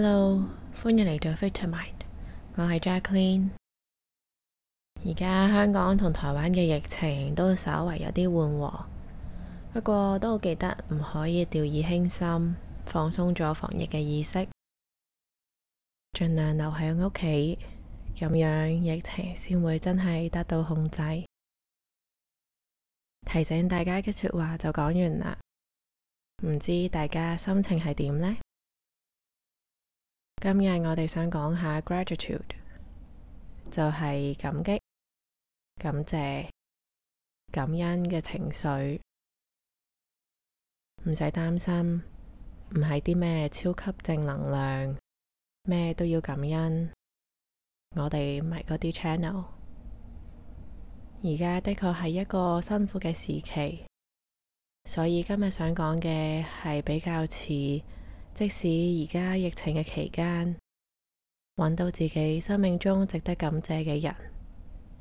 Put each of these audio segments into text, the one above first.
Hello，歡迎嚟到 Vitamind，我係 Jaclyn。而家香港同台灣嘅疫情都稍微有啲緩和，不過都好記得唔可以掉以輕心，放鬆咗防疫嘅意識，盡量留喺屋企，咁樣疫情先會真係得到控制。提醒大家嘅說話就講完啦，唔知大家心情係點呢？今日我哋想講下 gratitude，就係感激、感謝、感恩嘅情緒，唔使擔心，唔係啲咩超級正能量，咩都要感恩。我哋唔係嗰啲 channel。而家的確係一個辛苦嘅時期，所以今日想講嘅係比較似。即使而家疫情嘅期間，搵到自己生命中值得感謝嘅人、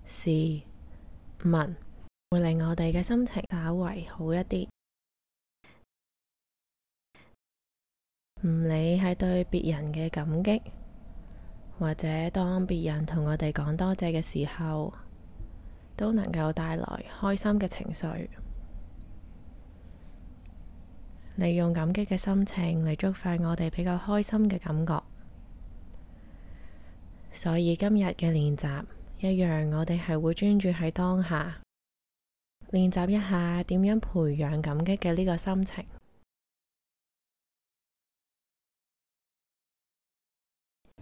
事、物，會令我哋嘅心情稍為好一啲。唔理係對別人嘅感激，或者當別人同我哋講多謝嘅時候，都能夠帶來開心嘅情緒。利用感激嘅心情嚟觸發我哋比較開心嘅感覺，所以今日嘅練習一樣，我哋係會專注喺當下練習一下點樣培養感激嘅呢個心情。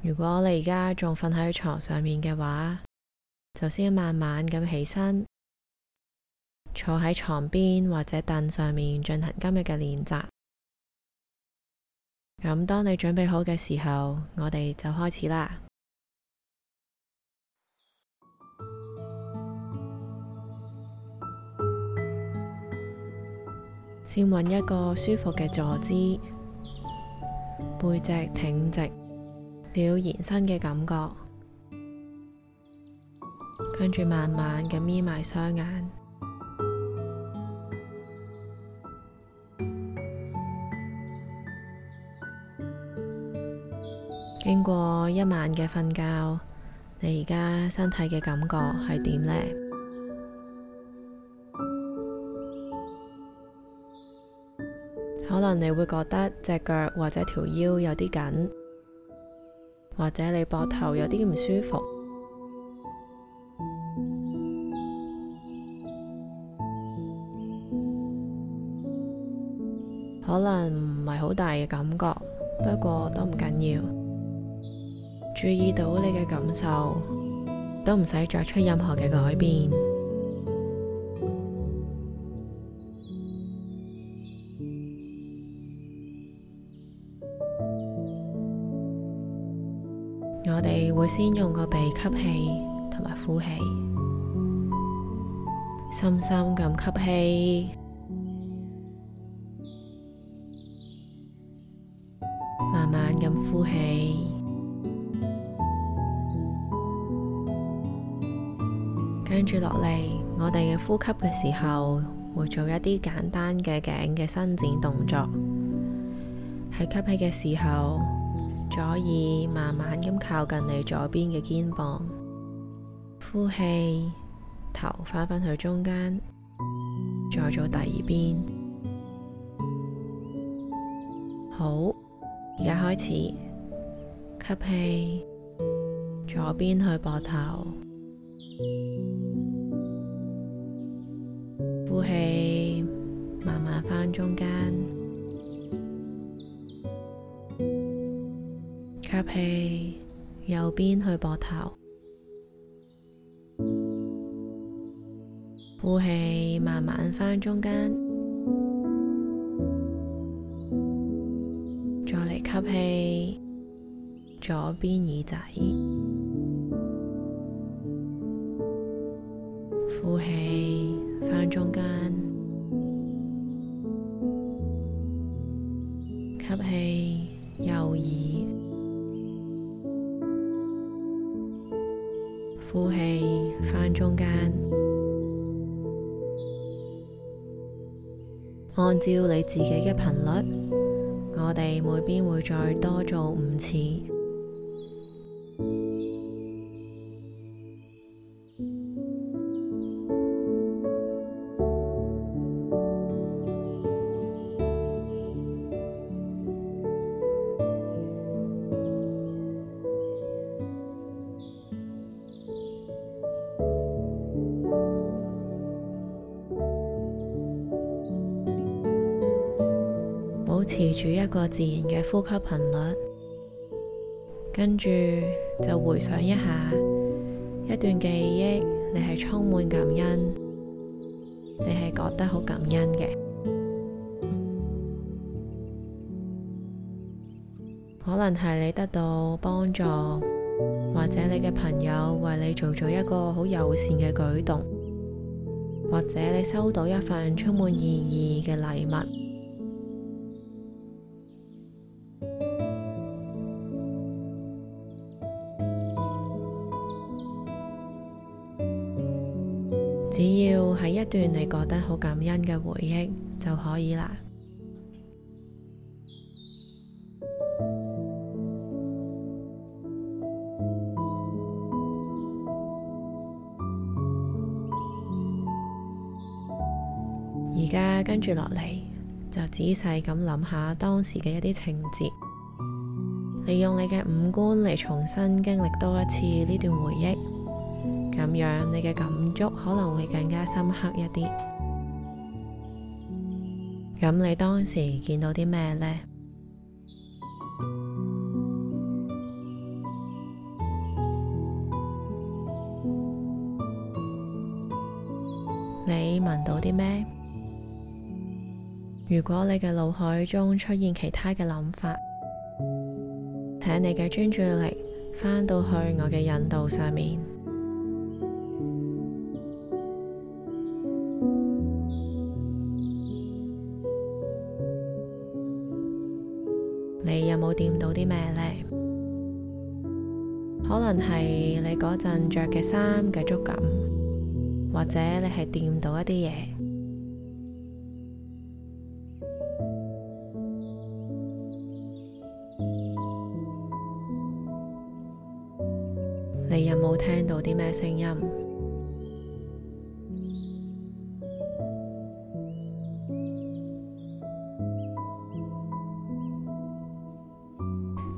如果你而家仲瞓喺床上面嘅話，就先慢慢咁起身。坐喺床邊或者凳上面進行今日嘅練習。咁當你準備好嘅時候，我哋就開始啦。先揾一個舒服嘅坐姿，背脊挺直，有延伸嘅感覺，跟住慢慢咁眯埋雙眼。經過一晚嘅瞓覺，你而家身體嘅感覺係點呢？可能你會覺得隻腳或者條腰有啲緊，或者你膊頭有啲唔舒服，可能唔係好大嘅感覺，不過都唔緊要。注意到你嘅感受，都唔使作出任何嘅改變。 我哋會先用個鼻吸氣同埋呼氣，深深咁吸氣，慢慢咁呼氣。跟住落嚟，我哋嘅呼吸嘅時候，會做一啲簡單嘅頸嘅伸展動作。喺吸氣嘅時候，左耳慢慢咁靠近你左邊嘅肩膀。呼氣，頭翻返去中間，再做第二邊。好，而家開始吸氣，左邊去膊頭。呼氣，慢慢返中間。吸氣，右邊去膊頭。呼氣，慢慢返中間。再嚟吸氣，左邊耳仔。呼氣。翻中間，吸氣，右耳，呼氣，翻中間。按照你自己嘅頻率，我哋每邊會再多做五次。住一個自然嘅呼吸頻率，跟住就回想一下一段記憶，你係充滿感恩，你係覺得好感恩嘅。可能係你得到幫助，或者你嘅朋友為你做咗一個好友善嘅舉動，或者你收到一份充滿意義嘅禮物。一段你覺得好感恩嘅回憶就可以啦。而家跟住落嚟，就仔細咁諗下當時嘅一啲情節，利用你嘅五官嚟重新經歷多一次呢段回憶。咁樣，你嘅感觸可能會更加深刻一啲。咁你當時見到啲咩呢？你聞到啲咩？如果你嘅腦海中出現其他嘅諗法，請你嘅專注力返到去我嘅引導上面。你有冇掂到啲咩呢？可能係你嗰陣着嘅衫嘅觸感，或者你係掂到一啲嘢。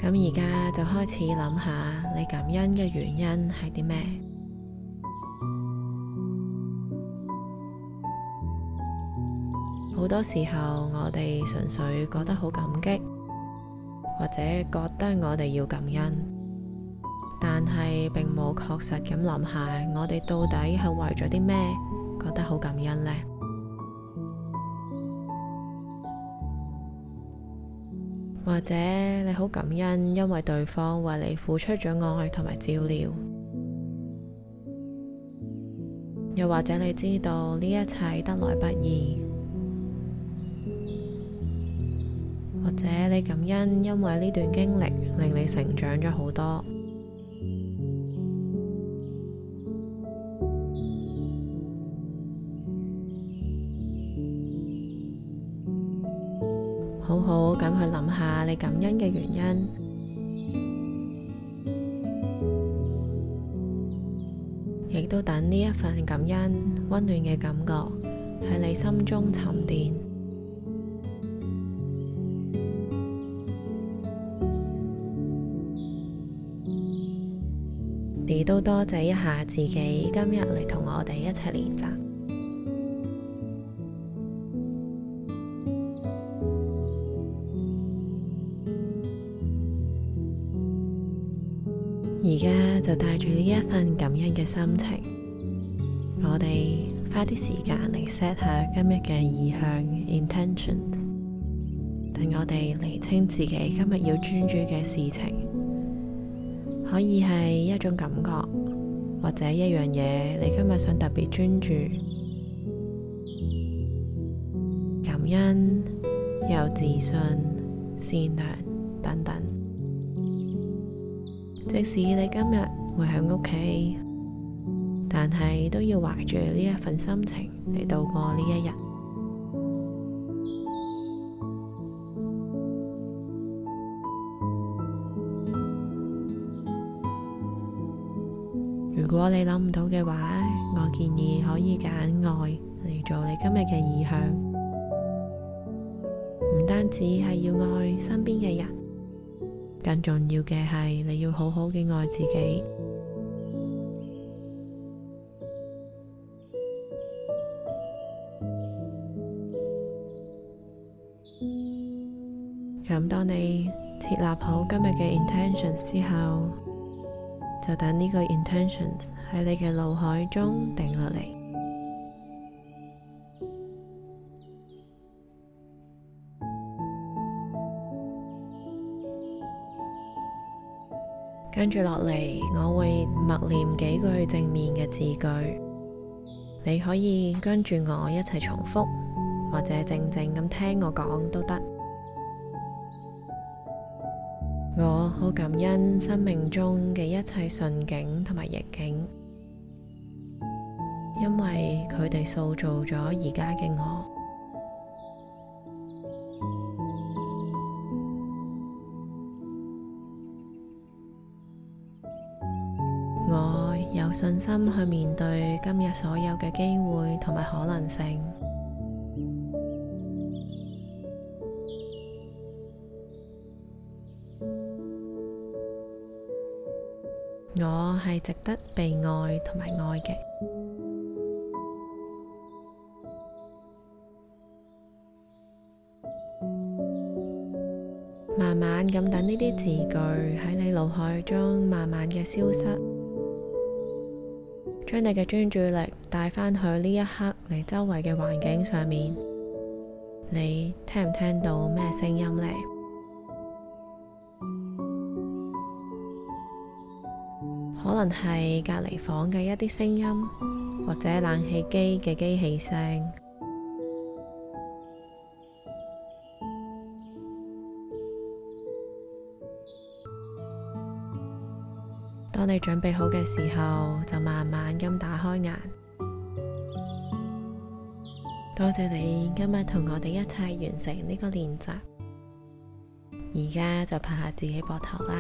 咁而家就開始諗下你感恩嘅原因係啲咩？好多時候我哋純粹覺得好感激，或者覺得我哋要感恩，但係並冇確實咁諗下，我哋到底係為咗啲咩覺得好感恩呢？或者你好感恩，因為對方為你付出咗愛同埋照料；又或者你知道呢一切得來不易；或者你感恩，因為呢段經歷令你成長咗好多。好，好，咁去諗下你感恩嘅原因，亦都等呢一份感恩、溫暖嘅感覺喺你心中沉澱。你 都多謝一下自己，今日嚟同我哋一齊練習。就帶住呢一份感恩嘅心情，我哋花啲時間嚟 set 下今日嘅意向 intentions，等我哋釐清自己今日要專注嘅事情，可以係一種感覺，或者一樣嘢，你今日想特別專注，感恩、又自信、善良等等。即使你今日會喺屋企，但係都要懷住呢一份心情嚟度過呢一日。 如果你諗唔到嘅話，我建議可以揀愛嚟做你今日嘅意向，唔單止係要愛身邊嘅人。更重要嘅係，你要好好嘅愛自己。咁 當你設立好今日嘅 intentions 之後，就等呢個 intentions 喺你嘅腦海中定落嚟。跟住落嚟，我會默念幾句正面嘅字句。你可以跟住我一齊重複，或者靜靜咁聽我講都得。我好感恩生命中嘅一切順境同埋逆境，因為佢哋塑造咗而家嘅我。信心去面對今日所有嘅機會同埋可能性，我係值得被愛同埋愛嘅。慢慢咁等呢啲字句喺你腦海中慢慢嘅消失。將你嘅專注力帶返去呢一刻，你周圍嘅環境上面，你聽唔聽到咩聲音呢？可能係隔籬房嘅一啲聲音，或者冷氣機嘅機器聲。當你準備好嘅時候，就慢慢咁打開眼。多謝你今日同我哋一齊完成呢個練習，而家就拍下自己膊頭啦。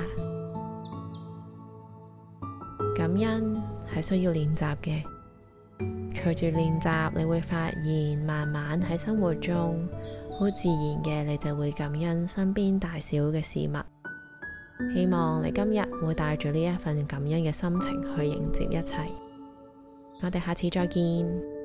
感恩係需要練習嘅，隨住練習，你會發現慢慢喺生活中好自然嘅，你就會感恩身邊大小嘅事物。希望你今日會帶住呢一份感恩嘅心情去迎接一切。我哋下次再見。